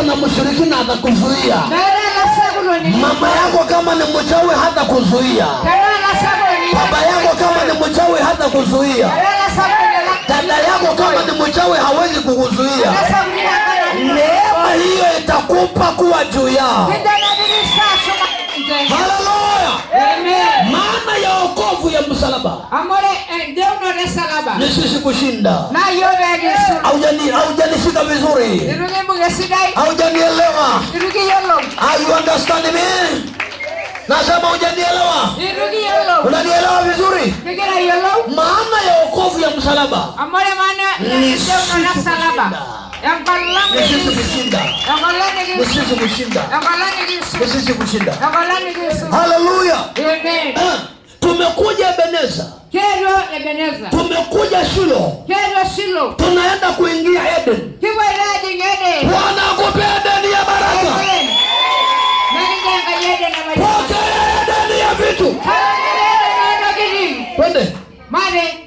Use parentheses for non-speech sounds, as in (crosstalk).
yako na mshirikina atakuzuia. Mama yako kama ni mchawi hata kuzuia. Baba yako kama ni mchawi hata kuzuia. Dada yako kama ni mchawi hawezi kukuzuia. Neema hiyo itakupa kuwa juu yao. Haleluya! Maana ya wokovu ya msalaba eh, ni sisi kushinda. Haujani nisikiliza vizuri, haujanielewa? Are you understand me? Nasema ujanielewa unanielewa vizuri? Maana ya wokovu ya msalaba kushinda. Haleluya, (clears throat) tumekuja Ebeneza, tumekuja Shilo, tunaenda kuingia Pokelea ndani ya vitu. Twende. Mane.